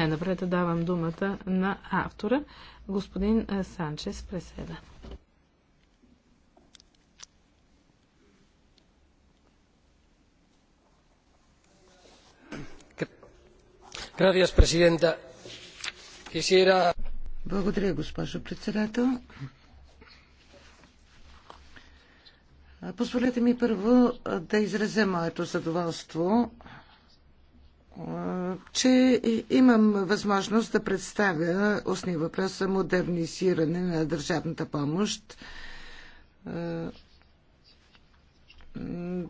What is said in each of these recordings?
Най-напред давам думата на автора, господин е, Санчес Преседа. Благодаря, госпожо председател. Позволете ми първо да изразя моето задоволство че имам възможност да представя устния въпрос за модернизиране на държавната помощ. Е,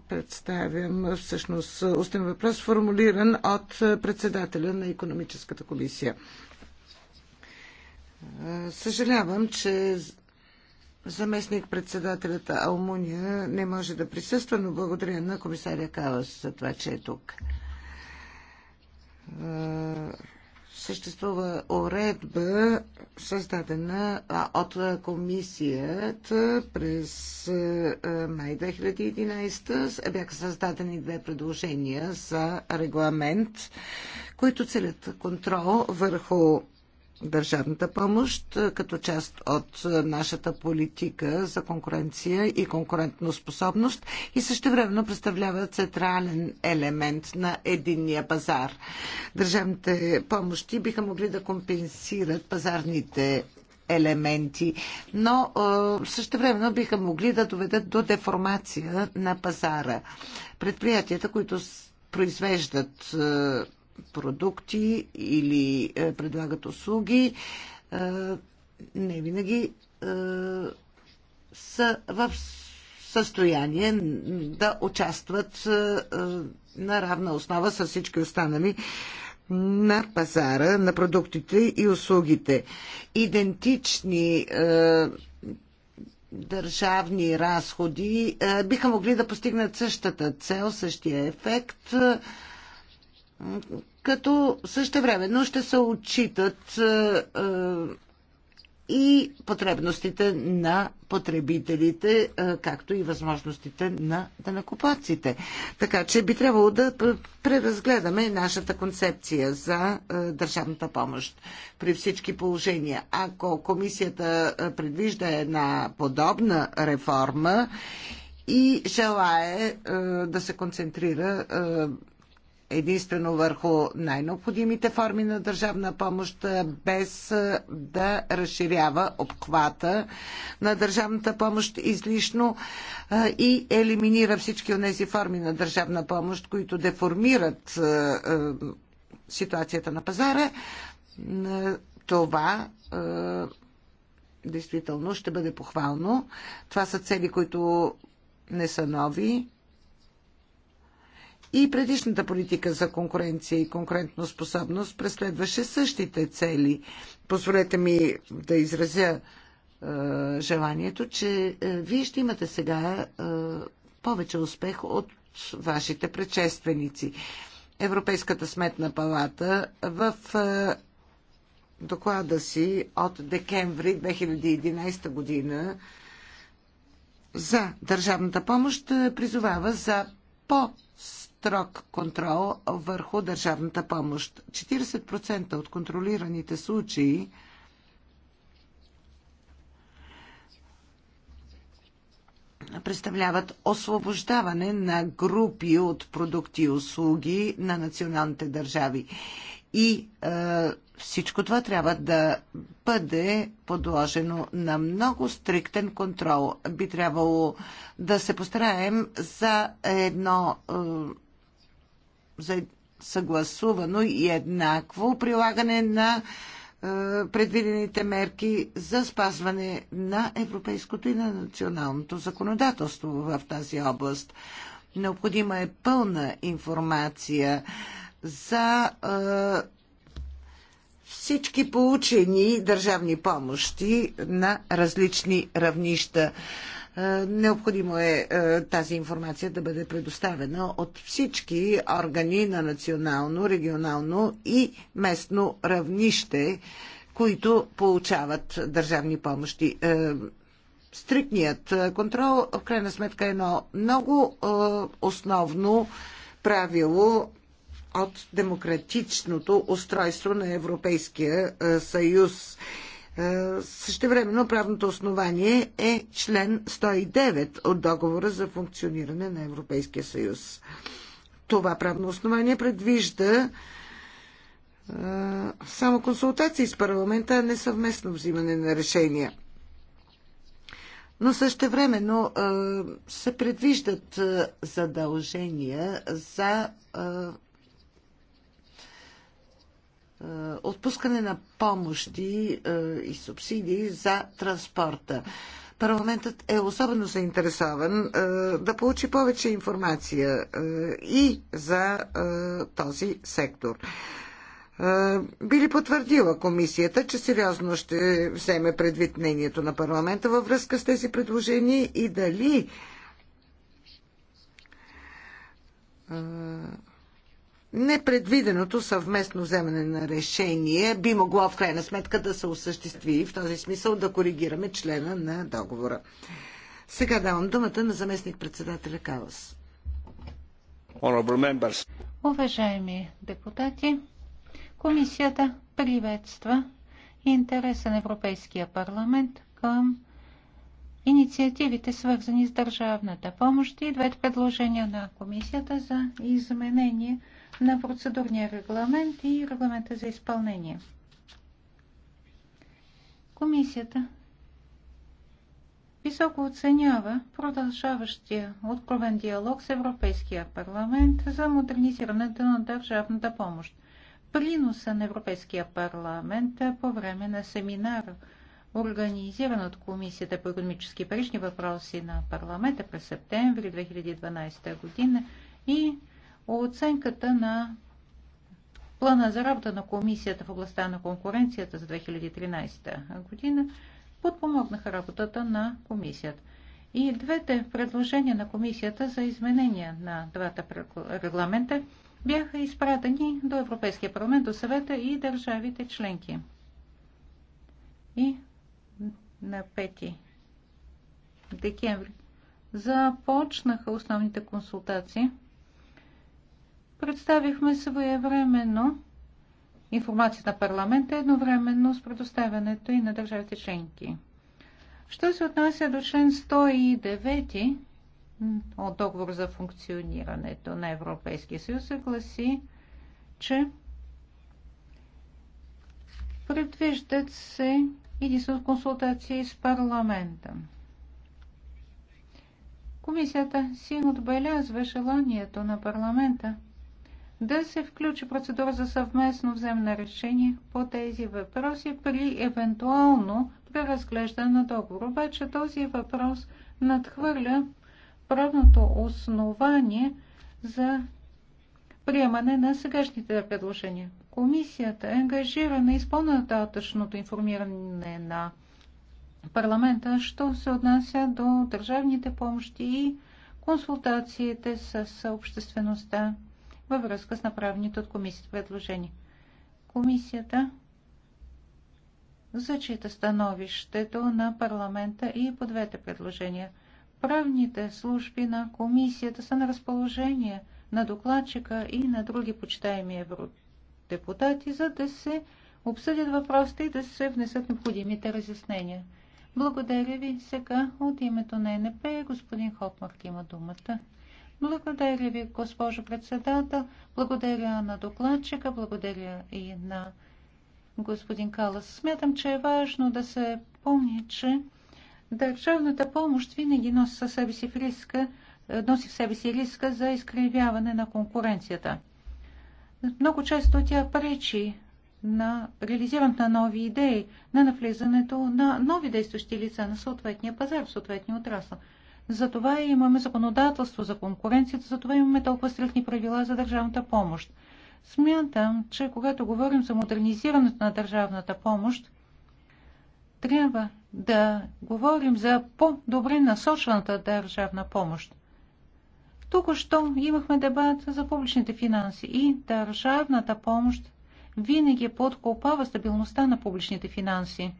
представям всъщност устен въпрос, формулиран от председателя на економическата комисия. Е, съжалявам, че заместник председателята Алмуния не може да присъства, но благодаря на комисаря Калас за това, че е тук. Е, съществува уредба, създадена от комисията през е, май 2011. Бяха създадени две предложения за регламент, които целят контрол върху държавната помощ като част от нашата политика за конкуренция и способност и същевременно представлява централен елемент на единния пазар. Държавните помощи биха могли да компенсират пазарните елементи, но същевременно биха могли да доведат до деформация на пазара. Предприятията, които произвеждат продукти или е, предлагат услуги, е, не винаги е, са в състояние да участват на равна основа с всички останали на пазара на продуктите и услугите. Идентични е, държавни разходи е, биха могли да постигнат същата цел, същия ефект. Е, като същевременно ще се отчитат е, е, и потребностите на потребителите, е, както и възможностите на данакопаците. Така че би трябвало да преразгледаме нашата концепция за държавната помощ при всички положения. Ако комисията предвижда една подобна реформа и е, да се концентрира единствено върху най-необходимите форми на държавна помощ, без да разширява обхвата на държавната помощ излишно и елиминира всички от тези форми на държавна помощ, които деформират ситуацията на пазара. Това действително ще бъде похвално. Това са цели, които не са нови. И предишната политика за конкуренция и конкурентно способност преследваше същите цели. Позволете ми да изразя е, желанието, че е, вие ще имате сега е, повече успех от вашите предшественици. Европейската сметна палата в е, доклада си от декември 2011 година за държавната помощ призовава за по строг контрол върху държавната помощ. 40% от контролираните случаи представляват освобождаване на групи от продукти и услуги на националните държави. И е, всичко това трябва да бъде подложено на много стриктен контрол. Би трябвало да се постараем за едно. Е, за съгласувано и еднакво прилагане на е, предвидените мерки за спазване на европейското и на националното законодателство в тази област. Необходима е пълна информация за е, всички получени държавни помощи на различни равнища. Е, необходимо е, е тази информация да бъде предоставена от всички органи на национално, регионално и местно равнище, които получават държавни помощи. Е, Стрикният контрол, в крайна сметка, е едно много основно правило от демократичното устройство на Европейския съюз. Е, същевременно правното основание е член 109 от договора за функциониране на Европейския съюз. Това правно основание предвижда е, само консултации с парламента, а не съвместно взимане на решения. Но също е, се предвиждат задължения за е, отпускане на помощи е, и субсидии за транспорта. Парламентът е особено заинтересован е, да получи повече информация и за този сектор. Би ли потвърдила комисията, че сериозно ще вземе предвид мнението на парламента във връзка с тези предложения и дали непредвиденото съвместно вземане на решение би могло в крайна сметка да се осъществи и в този смисъл да коригираме члена на договора. Сега давам думата на заместник председателя Калас. Уважаеми депутати, комисията приветства интереса на Европейския парламент към инициативите, свързани с държавната помощ и двете предложения на комисията за изменение на процедурния регламент и регламента за изпълнение. Комисията високо оценява продължаващия откровен диалог с Европейския парламент за модернизирането на държавната помощ. Приноса на Европейския парламент по време на семинар, организиран от Комисията по економически и въпроси на парламента през септември 2012 година и Оценката на плана за работа на Комисията в областта на конкуренцията за 2013 година подпомогнаха работата на Комисията. И двете предложения на Комисията за изменения на двата регламента бяха изпратени до Европейския парламент, до съвета и държавите членки. И на 5 декември започнаха основните консултации Представихме своевременно информацията на парламента едновременно с предоставянето и на държавите членки. Що се отнася до член 109 от договор за функционирането на Европейския съюз, се гласи, че предвиждат се единствено консултации с парламента. Комисията си отбелязва желанието на парламента – да се включи процедура за съвместно вземане решение по тези въпроси при евентуално преразглеждане на договор. Обаче този въпрос надхвърля правното основание за приемане на сегашните предложения. Комисията е ангажирана и с информиране на парламента, що се отнася до държавните помощи и консултациите с обществеността във връзка с направените от комисията предложения. Комисията зачита становището на парламента и по двете предложения. Правните служби на комисията са на разположение на докладчика и на други почитаеми евродепутати, за да се обсъдят въпросите и да се внесат необходимите разяснения. Благодаря ви. Сега от името на НП господин Хопмарк има думата. Благодаря ви, госпожо председател. Благодаря на докладчика, благодаря и на господин Калас. Смятам, че е важно да се помни, че държавната помощ винаги носи, със себе си в риска, носи в себе си риска за изкривяване на конкуренцията. Много често тя пречи на реализирането на нови идеи, на навлизането на нови действащи лица на съответния пазар, в съответния отрасъл. Затова имаме законодателство за конкуренцията, затова имаме толкова стрихни правила за държавната помощ. Смятам, че когато говорим за модернизирането на държавната помощ, трябва да говорим за по-добре насочената държавна помощ. Тук що имахме дебат за публичните финанси и държавната помощ винаги подкопава стабилността на публичните финанси.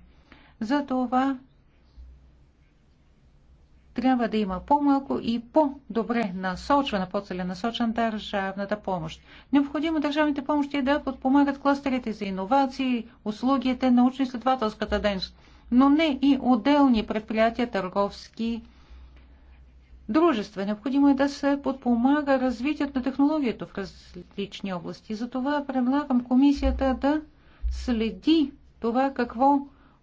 За това трябва да има по-малко и по-добре насочвана по-целенасочена държавната помощ. Необходимо държавните помощи е да подпомагат кластерите за иновации, услугите, научно-изследователската дейност, но не и отделни предприятия, търговски дружества. Необходимо е да се подпомага развитието на технологията в различни области. Затова предлагам комисията да следи това какво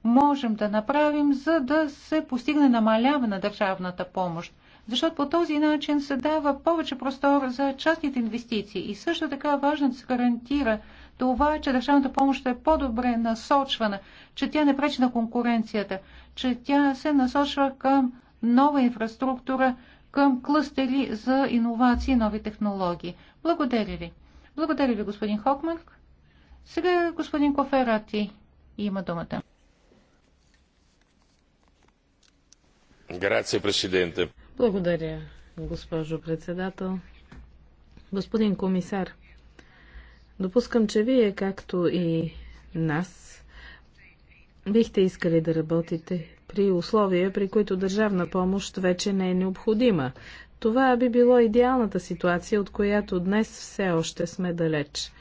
можем да направим, за да се постигне намаляване на държавната помощ. Защото по този начин се дава повече простор за частните инвестиции и също така важно да се гарантира това, че държавната помощ е по-добре насочвана, че тя не пречи на конкуренцията, че тя се насочва към нова инфраструктура, към клъстери за иновации и нови технологии. Благодаря ви. Благодаря ви, господин Хокмарк. Сега господин Коферати има думата. Благодаря, госпожо председател. Господин комисар, допускам, че вие, както и нас, бихте искали да работите при условия, при които държавна помощ вече не е необходима. Това би било идеалната ситуация, от която днес все още сме далеч.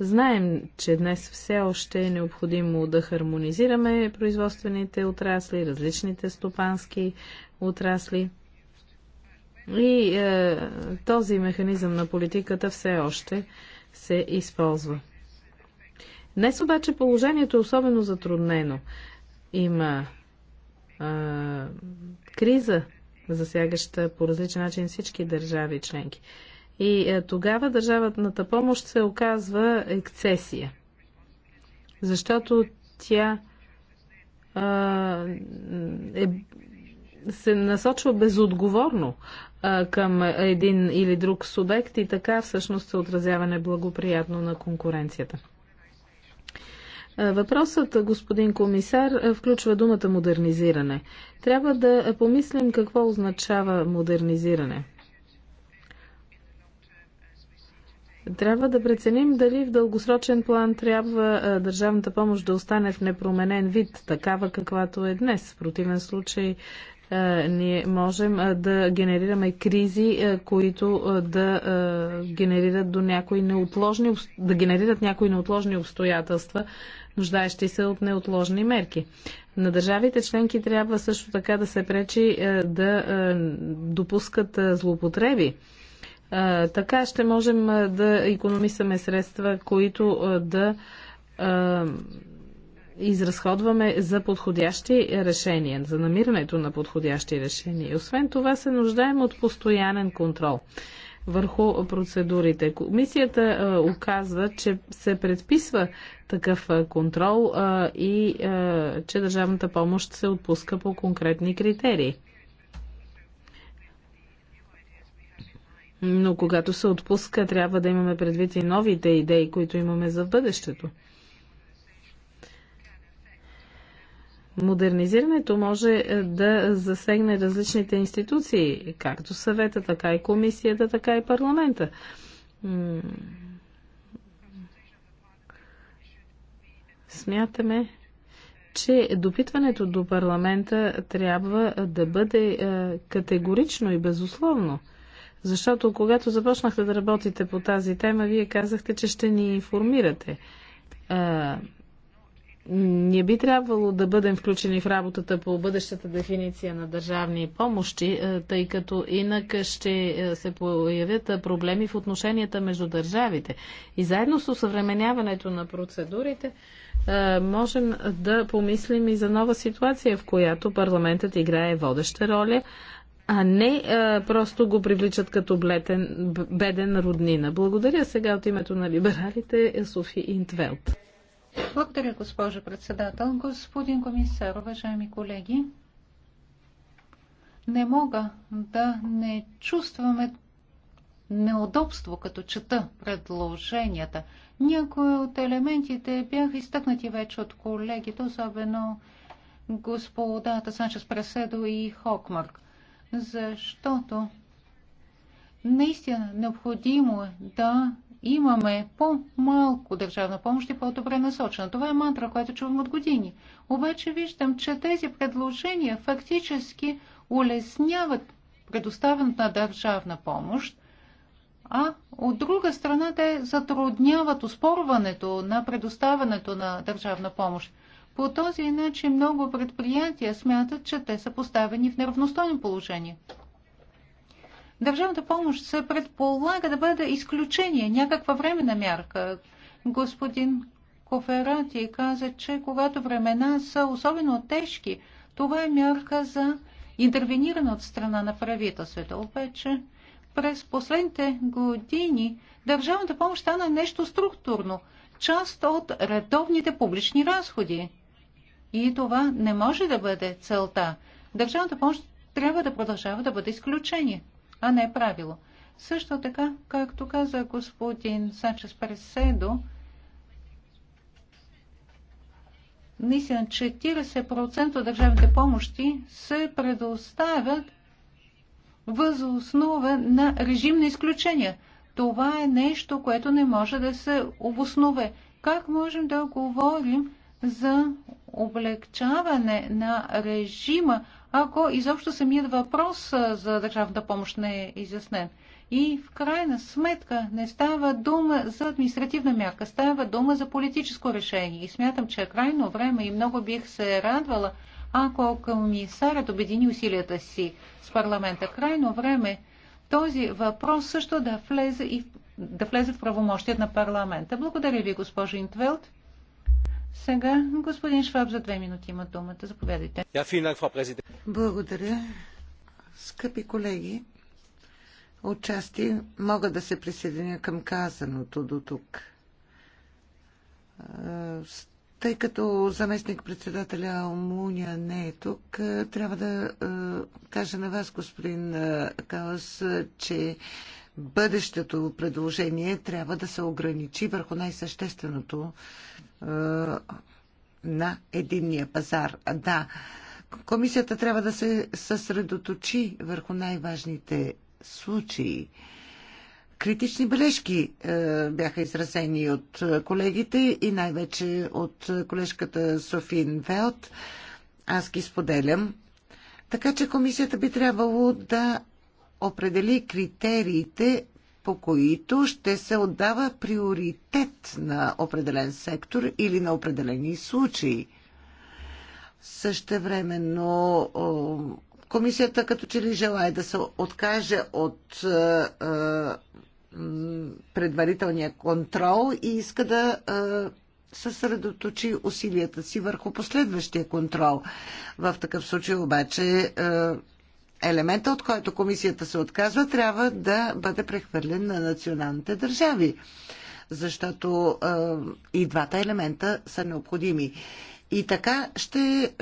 Знаем, че днес все още е необходимо да хармонизираме производствените отрасли, различните стопански отрасли. И е, този механизъм на политиката все още се използва. Днес обаче положението е особено затруднено. Има е, криза, засягаща по различен начин всички държави членки. И е, тогава държавната помощ се оказва ексесия. Защото тя е, се насочва безотговорно а, към един или друг субект и така всъщност се отразява неблагоприятно на конкуренцията. Въпросът, господин комисар, е, включва думата модернизиране. Трябва да помислим какво означава модернизиране. Трябва да преценим дали в дългосрочен план трябва държавната помощ да остане в непроменен вид, такава каквато е днес. В противен случай ние можем да генерираме кризи, които да генерират до някои неотложни, да генерират някои неотложни обстоятелства, нуждаещи се от неотложни мерки. На държавите членки трябва също така да се пречи да допускат злоупотреби така ще можем да економисаме средства, които да изразходваме за подходящи решения, за намирането на подходящи решения. освен това се нуждаем от постоянен контрол върху процедурите. Комисията оказва, че се предписва такъв контрол и че държавната помощ се отпуска по конкретни критерии. Но когато се отпуска, трябва да имаме предвид и новите идеи, които имаме за бъдещето. Модернизирането може е, да засегне различните институции, както съвета, така и комисията, така и парламента. Смятаме, че допитването до парламента трябва да бъде е, категорично и безусловно – защото когато започнахте да работите по тази тема, вие казахте, че ще ни информирате. А, не би трябвало да бъдем включени в работата по бъдещата дефиниция на държавни помощи, тъй като инак ще се появят проблеми в отношенията между държавите. И заедно с усъвременяването на процедурите, можем да помислим и за нова ситуация, в която парламентът играе водеща роля а не а, просто го привличат като блетен, беден роднина. Благодаря сега от името на либералите Софи Интвелт. Благодаря, госпожо председател. Господин комисар, уважаеми колеги, не мога да не чувстваме неудобство, като чета предложенията. Някои от елементите бяха изтъкнати вече от колегите, особено господата Санчес Преседо и Хокмарк защото наистина необходимо е да имаме по-малко държавна помощ и по-добре насочена. Това е мантра, която чувам от години. Обаче виждам, че тези предложения фактически улесняват предоставянето на държавна помощ, а от друга страна те затрудняват успорването на предоставянето на държавна помощ. По този начин много предприятия смятат, че те са поставени в неравностойно положение. Държавната помощ се предполага да бъде изключение, някаква времена мярка. Господин Коферати каза, че когато времена са особено тежки, това е мярка за интервениране от страна на правителството. Обаче през последните години държавната помощ стана нещо структурно, част от редовните публични разходи. И това не може да бъде целта. Държавната помощ трябва да продължава да бъде изключение, а не правило. Също така, както каза господин Санчес Преседо, наистина 40% от държавните помощи се предоставят въз основа на режим на изключения. Това е нещо, което не може да се обоснове. Как можем да говорим за облегчаване на режима, ако изобщо самият въпрос за държавната помощ не е изяснен. И в крайна сметка не става дума за административна мярка, става дума за политическо решение. И смятам, че е крайно време и много бих се радвала, ако комисарят обедини усилията си с парламента. Крайно време този въпрос също да влезе, и, да влезе в правомощият на парламента. Благодаря ви, госпожо Интвелт. Сега господин Шваб за две минути има думата. Заповядайте. Благодаря. Скъпи колеги, отчасти мога да се присъединя към казаното до тук. Е, тъй като заместник-председателя Омуня не е тук, е, трябва да е, кажа на вас, господин Калас, че бъдещето предложение трябва да се ограничи върху най-същественото е, на единния пазар. Да, комисията трябва да се съсредоточи върху най-важните случаи. Критични бележки е, бяха изразени от колегите и най-вече от колежката Софин Велт. Аз ги споделям. Така че комисията би трябвало да определи критериите, по които ще се отдава приоритет на определен сектор или на определени случаи. Същевременно комисията като че ли желая да се откаже от е, е, предварителния контрол и иска да е, съсредоточи усилията си върху последващия контрол. В такъв случай обаче елемента, от който комисията се отказва, трябва да бъде прехвърлен на националните държави. Защото е, и двата елемента са необходими. И така ще е,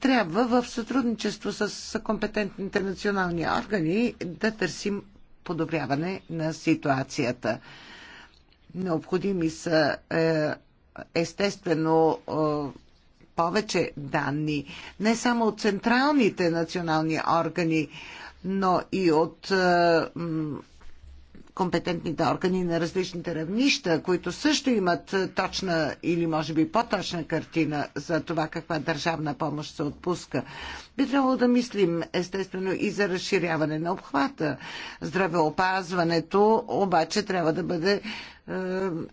трябва в сътрудничество с компетентните национални органи да търсим подобряване на ситуацията. Необходими са е, естествено е, повече данни, не само от централните национални органи, но и от е, компетентните органи на различните равнища, които също имат е, точна или може би по-точна картина за това каква държавна помощ се отпуска. Би трябвало да мислим естествено и за разширяване на обхвата. Здравеопазването обаче трябва да бъде е,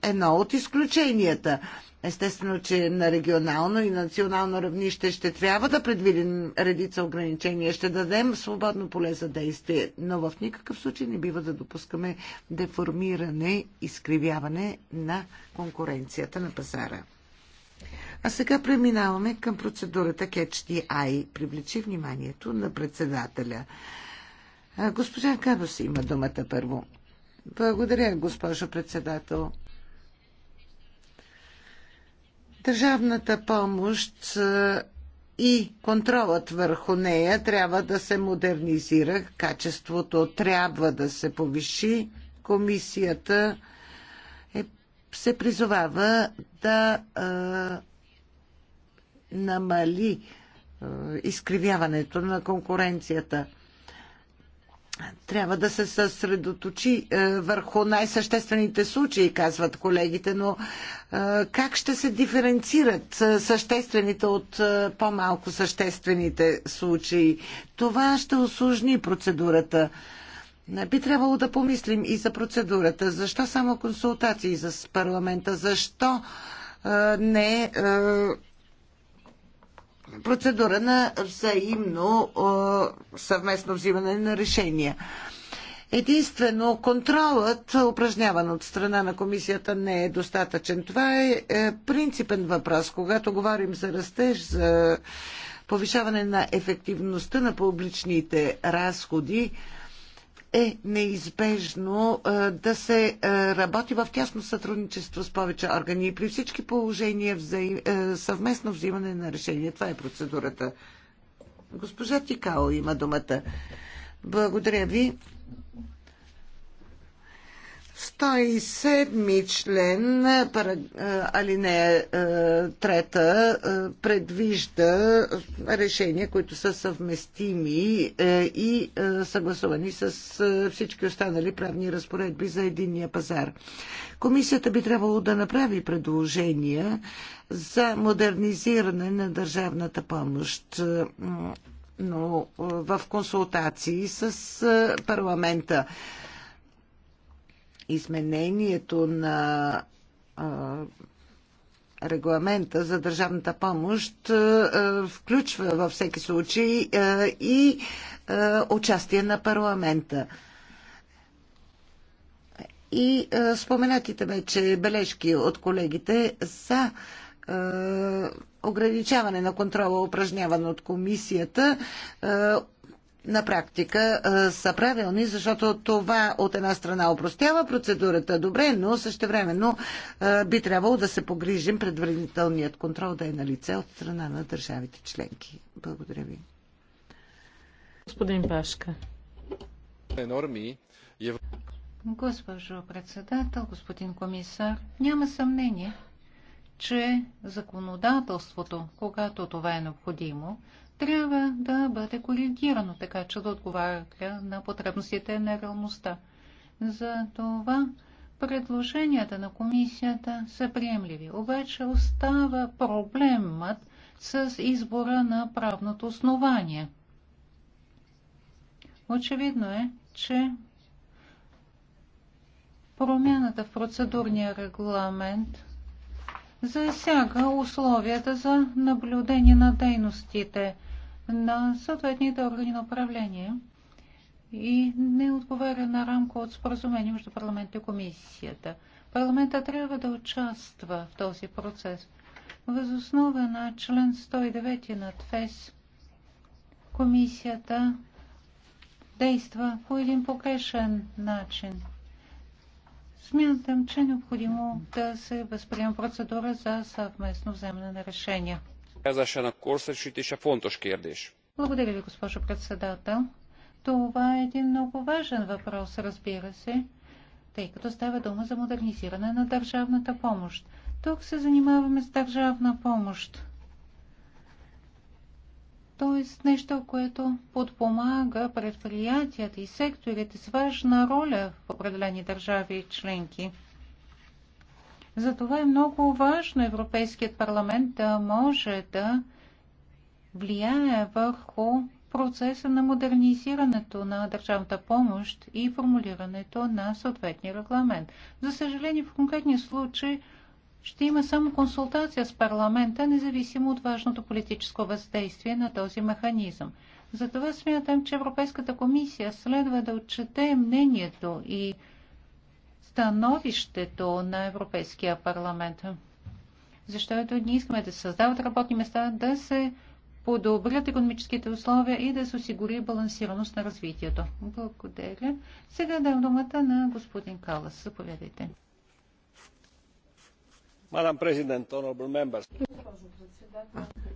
едно от изключенията. Естествено, че на регионално и национално равнище ще трябва да предвидим редица ограничения, ще дадем свободно поле за действие, но в никакъв случай не бива да допускаме деформиране, изкривяване на конкуренцията на пазара. А сега преминаваме към процедурата Catch the Eye. Привлечи вниманието на председателя. Госпожа Кабос има думата първо. Благодаря, госпожо председател. Държавната помощ и контролът върху нея трябва да се модернизира, качеството трябва да се повиши. Комисията е, се призовава да е, намали е, изкривяването на конкуренцията трябва да се съсредоточи е, върху най-съществените случаи, казват колегите, но е, как ще се диференцират е, съществените от по-малко съществените случаи? Това ще осложни процедурата. Би трябвало да помислим и за процедурата. Защо само консултации с парламента? Защо не процедура на взаимно съвместно взимане на решения. Единствено, контролът, упражняван от страна на комисията, не е достатъчен. Това е, е принципен въпрос. Когато говорим за растеж, за повишаване на ефективността на публичните разходи, е неизбежно да се работи в тясно сътрудничество с повече органи и при всички положения взаим... съвместно взимане на решение. Това е процедурата. Госпожа Тикао има думата. Благодаря ви. 107 член, алинея 3, предвижда решения, които са съвместими и съгласувани с всички останали правни разпоредби за единния пазар. Комисията би трябвало да направи предложения за модернизиране на държавната помощ но в консултации с парламента изменението на регламента за държавната помощ включва във всеки случай и участие на парламента. И споменатите вече бележки от колегите за ограничаване на контрола, упражняван от комисията, на практика са правилни, защото това от една страна опростява процедурата добре, но същевременно би трябвало да се погрижим предварителният контрол да е на лице от страна на държавите членки. Благодаря ви. Господин Пашка. Норми е... Госпожо председател, господин комисар, няма съмнение, че законодателството, когато това е необходимо, трябва да бъде коригирано, така че да отговаря на потребностите на реалността. За това предложенията на комисията са приемливи. Обаче остава проблемът с избора на правното основание. Очевидно е, че промяната в процедурния регламент засяга условията за наблюдение на дейностите – на съответните органи на управление и не отговаря на рамка от споразумение между парламента и комисията. Парламента трябва да участва в този процес. Възоснова на член 109 на ТФЕС комисията действа по един погрешен начин. Смятам, че е необходимо да се възприема процедура за съвместно вземане на решения. Благодаря ви, госпожо председател. Това е един много важен въпрос, разбира се, тъй като става дума за модернизиране на държавната помощ. Тук се занимаваме с държавна помощ. Тоест нещо, което подпомага предприятията и секторите с важна роля в определени държави и членки. Затова е много важно Европейският парламент да може да влияе върху процеса на модернизирането на държавната помощ и формулирането на съответния регламент. За съжаление, в конкретния случай ще има само консултация с парламента, независимо от важното политическо въздействие на този механизъм. Затова смятам, че Европейската комисия следва да отчете мнението и становището на Европейския парламент. Защото ние искаме да създават работни места, да се подобрят економическите условия и да се осигури балансираност на развитието. Благодаря. Сега дам думата на господин Калас. Заповядайте.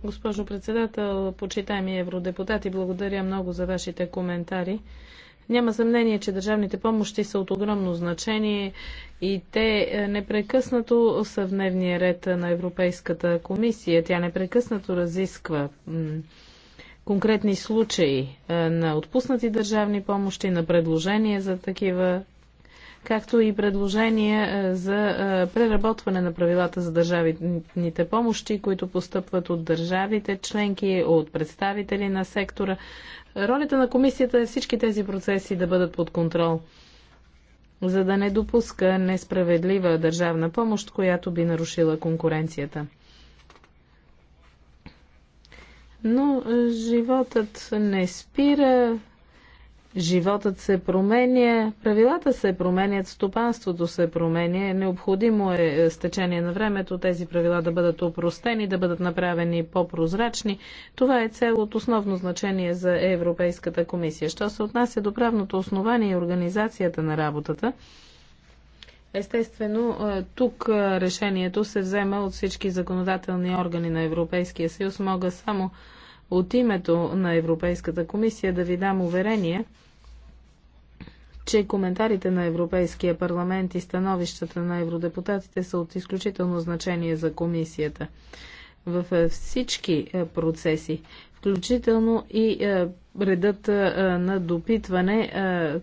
Госпожо председател, почитаеми евродепутати, благодаря много за вашите коментари. Няма съмнение, че държавните помощи са от огромно значение и те е, непрекъснато са в дневния ред на Европейската комисия. Тя непрекъснато разисква конкретни случаи е, на отпуснати държавни помощи, на предложения за такива, както и предложения е, за преработване на правилата за държавните помощи, които постъпват от държавите, членки, от представители на сектора. Ролята на комисията е всички тези процеси да бъдат под контрол, за да не допуска несправедлива държавна помощ, която би нарушила конкуренцията. Но е, животът не спира, Животът се променя, правилата се променят, стопанството се променя. Необходимо е, е с течение на времето тези правила да бъдат опростени, да бъдат направени по-прозрачни. Това е цел от основно значение за Европейската комисия. Що се отнася до правното основание и организацията на работата, Естествено, е, тук е, решението се взема от всички законодателни органи на Европейския съюз. Мога само от името на Европейската комисия да ви дам уверение, че коментарите на Европейския парламент и становищата на евродепутатите са от изключително значение за комисията. В е, всички е, процеси, включително и е, редът на допитване,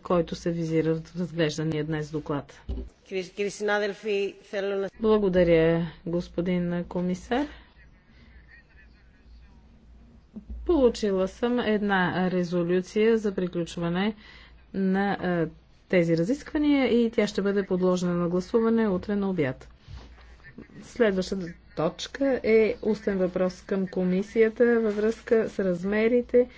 който се визира в разглеждания днес доклад. Благодаря, господин комисар. Получила съм една резолюция за приключване на а, тези разисквания и тя ще бъде подложена на гласуване утре на обяд. Следващата точка е устен въпрос към комисията във връзка с размерите